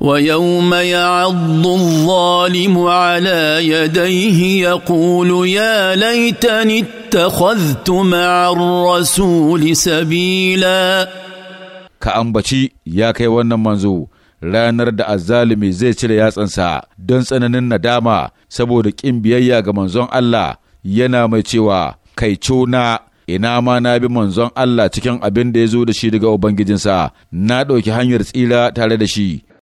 ويوم يعض الظالم على يديه يقول يا ليتني اتخذت مع الرسول سبيلا ka ambaci ya kai wannan manzo ranar da azzalumi zai cire yatsansa don tsananin nadama saboda ƙin biyayya ga manzon Allah yana mai cewa kai na ina ma na bi manzon Allah cikin abin da ya zo da shi daga Ubangijinsa na ɗauki hanyar tsira tare da shi